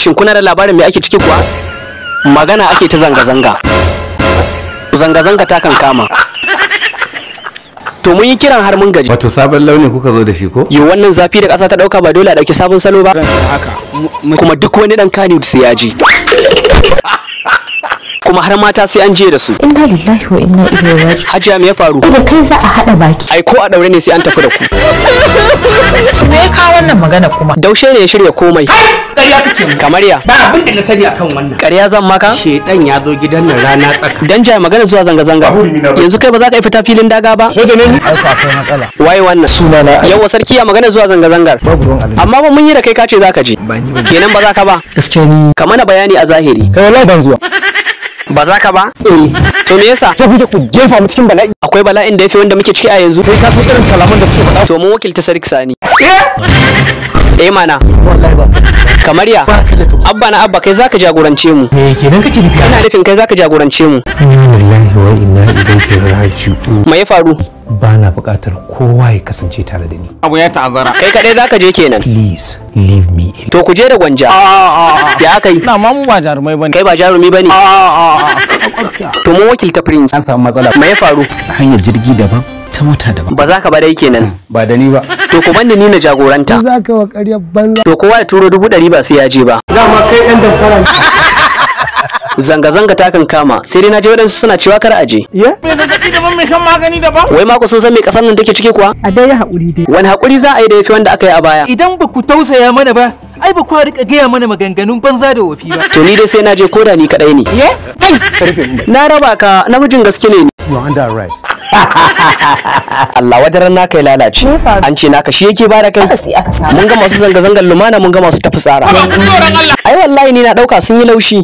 shin kuna da labarin me ake ciki kuwa magana ake ta zanga-zanga zanga-zanga ta kan kama to mun yi kiran har mun gaji wato sabon launi kuka zo da shi ko yo wannan zafi da ƙasa ta ɗauka ba dole a ɗauki sabon salo ba kuma duk wani ɗan kani sai ya ji kuma har mata sai an je da su inna lillahi wa inna ilaihi raji hajiya me ya faru da kai za a hada baki ai ko a daure ne sai an tafi da ku me ya kawo wannan magana kuma daushe ne ya shirya komai ƙarya kake kamar ya ba abin da na sani akan wannan ƙarya zan maka shedan ya zo gidan nan rana tsaka dan jaya magana zuwa zanga zanga yanzu kai ba za ka yi fita filin daga ba da ne ai akwai matsala waye wannan suna na yawa sarki ya magana zuwa zanga zangar amma ba mun yi da kai kace ka je kenan ba za ka ba gaskiya ni kamar na bayani a zahiri kai wallahi ban zuwa ba za ka ba eh to me yasa ke kuke ku jefa mu cikin bala'i akwai bala'in da yafi wanda muke ciki a yanzu kai ka so irin kalaman da kuke faɗa to mun wakilta sarki sani eh eh mana wallahi ba kamar ya abba na abba kai zaka jagorance mu me kenan kake nufi ina nufin kai zaka jagorance mu inna wa inna ilaihi raji'u me ya faru ba na buƙatar kowa ya kasance tare da ni abu ya ta'azzara kai kadai zaka je kenan please leave me in to ku je da gwanja ah, ah, ah, ya kai. Ina ma mu ba jarumai bane kai ba jarumi bane to mu wakilta prince an samu matsala me ya faru hanyar jirgi daban wata mota daban ba za ka ba dai kenan hmm, ba da ni ba to ku banda ni na jagoranta za ka wa ƙarya banza to kowa ya turo dubu ɗari ba sai ya je ba ma kai ɗan damfara zanga-zanga ta kan kama sai dai na je waɗansu suna cewa kar a je. Me zazzaɓi da mai shan magani daban? Wai mako sun san me ƙasar nan take ciki kuwa? A dai haƙuri dai. Wani haƙuri za a yi da yafi wanda aka yi a baya? Idan ba ku tausaya mana ba, ai ba ku rika gaya mana maganganun banza da wofi ba. To ni dai sai na je koda ni kaɗai ne. Ye? Na raba ka namijin gaske ne. You are under arrest. Allah wajaran naka ya lalace an ce naka shi yake bada kai mun ga masu zanga zangar lumana mun ga masu tafi tsara ai wallahi ni na dauka sun yi laushi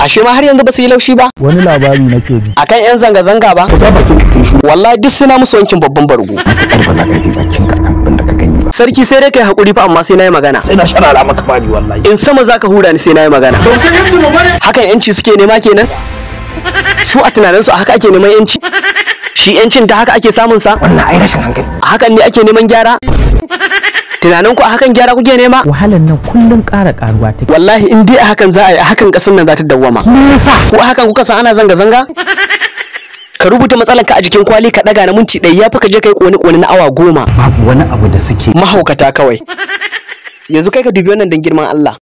ashe ma har yanzu ba su yi laushi ba wani labari nake ji akan yan zanga zanga ba wallahi duk suna musu wankin babban bargo za ka da ka ba sarki sai dai kai hakuri fa amma sai nayi magana sai na sharara maka bani wallahi in sama zaka hura ni sai nayi magana hakan yanci suke nema kenan su a tunaninsu a haka ake neman yanci shi yancin ta haka ake samun sa wannan ai rashin hankali a hakan ne ake neman gyara tunanin ku a hakan gyara kuke nema wahalan nan kullun ƙara ƙaruwa take wallahi in dai a hakan za a yi a hakan ƙasar nan za ta dawwama me yasa a hakan kuka san ana zanga zanga ka rubuta matsalar ka a jikin kwali ka daga na minti ɗaya yafi ka je kai ƙone-ƙone na awa goma babu wani abu da suke mahaukata kawai yanzu kai ka dubi wannan dan girman Allah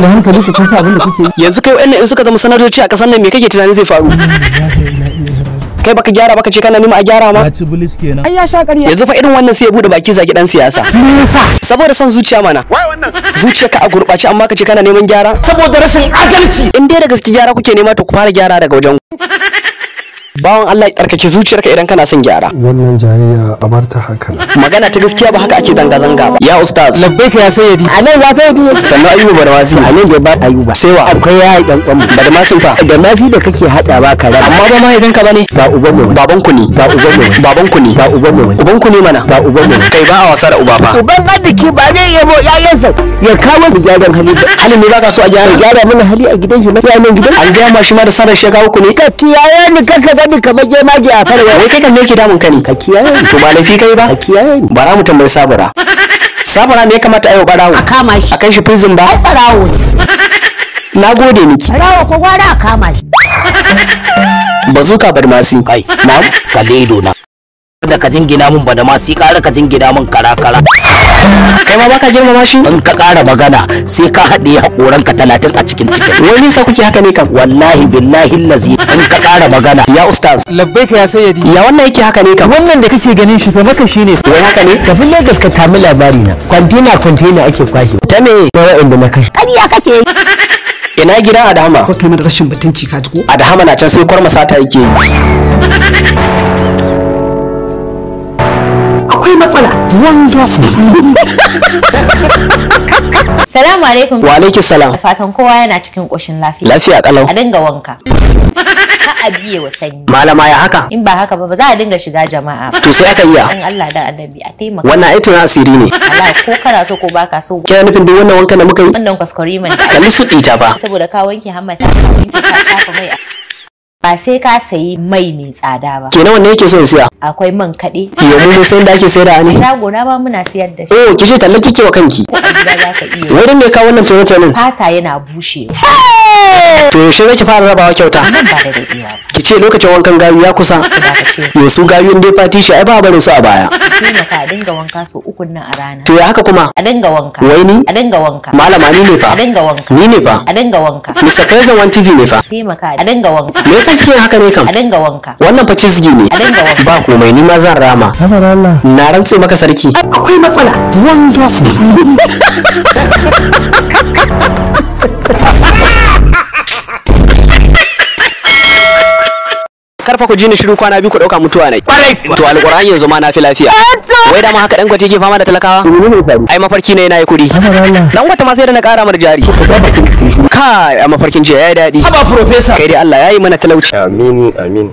kuna da hankali ku kusa abin da kuke yanzu kai wa'annan in suka zama sanatoci a kasar nan me kake tunani zai faru kai baka gyara baka ce kana nima a gyara ma ci bulis kenan ai ya sha ƙarya yanzu fa irin wannan sai ya bude baki zaki dan siyasa saboda son zuciya mana wai wannan zuciya ka a gurɓace amma ka ce kana neman gyara saboda rashin adalci in dai da gaske gyara kuke nema to ku fara gyara daga wajen bawan Allah ya tsarkake zuciyarka idan kana son gyara wannan jayayya a ta haka magana ta gaskiya ba haka ake danga zanga ba ya ustaz labbaika ya sayyidi anan ya sayyidi sannan ayyuba barwasi anan da ba ayyuba sai wa akwai ya yi dan kwamu da ma sun fa da mafi da kake hada ba ka ba amma ba ma idan ka bane ba uban mu baban ku ne ba uban mu baban ku ne ba uban mu uban ku ne mana ba uban mu kai ba a wasa da uba ba uban arziki ba zai yabo yayansa ya kawo da gyaran hali hali ne ba ka so a gyara gyara mana hali a gidan shi na gidan an gaya ma shi ma da sanar shi ya kawo ku ne ka kiyaye ni kanka faɗi kamar magi a farwa wai kakan me yake damun kani ne ka kiyaye to ba laifi kai ba ka kiyaye bara mu tambayi sabura sabura me ya kamata ayo barawo a kama shi a kai shi prison ba ai barawo na gode miki barawo ko gwara a kama shi bazuka badmasi kai na kalido na da ka jingina min ba da ma sai ƙara ka jingina min kara kara kai ma baka girmama shi in ka ƙara magana sai ka haɗe haƙoran ka talatin a cikin cikin wani sa kuke haka ne kan wallahi billahi lazi in ka ƙara magana ya ustaz ka ya sayyadi ya wannan yake haka ne kan wannan da kake ganin shi fa maka ne. wai haka ne kafin Lagos ka tami labari na kwantena kwantena ake kwashe ta me ba wa'anda na kashe ƙarya kake yi ina gida adama ko kai mana rashin mutunci ka ji ko adama na can sai kwarmasa ta yake Salamu alaikum. Wa alaikum salam. Fatan kowa yana cikin ƙoshin lafiya. Lafiya kalau. A dinga wanka. ajiye wa sanyi. Malama ya haka? In ba haka ba ba za a dinga shiga jama'a. To sai aka iya. In Allah da annabi a taimaka. Wannan aitin asiri ne. Allah ko kana so ko baka so. Kina nufin duk wannan wanka da muka yi? Wannan kwaskwari man. Kalli su ɗita ba. Saboda ka wanke hammata ka wanke ta mai. ba sai ka sayi mai mai tsada ba Ke nawa wanne yake son siya akwai man kaɗe ke mun san da ake sayar da ne shago na ba muna siyar da shi oh kishi talle kike wa kanki wurin me kawo wannan tsoron fata yana bushe to yaushe zaki fara rabawa kyauta nan ba da daɗewa ki ce lokacin wankan gayu ya kusa yo su gayun dai fati shi ai ba barin su a baya kina ka dinga wanka so uku nan a rana to ya haka kuma a dinga wanka wai ni a dinga wanka malama ni ne fa a dinga wanka ni ne fa a dinga wanka Mr. President One TV ne fa kima maka a dinga wanka me yasa kike haka ne kam a dinga wanka wannan fa cizgi ne a dinga wanka ba komai ni ma zan rama na rantse maka sarki akwai matsala wonderful karfa ku ji ni shiru kwana biyu ku dauka mutuwa ne to alquran yanzu ma na fi lafiya wai da ma haka dan kwace ke fama da talakawa ai mafarki ne yana yi kuri dan wata ma sai da na kara mar jari ka a mafarkin jiya ya dadi haba professor kai dai Allah yayi mana talauci amin amin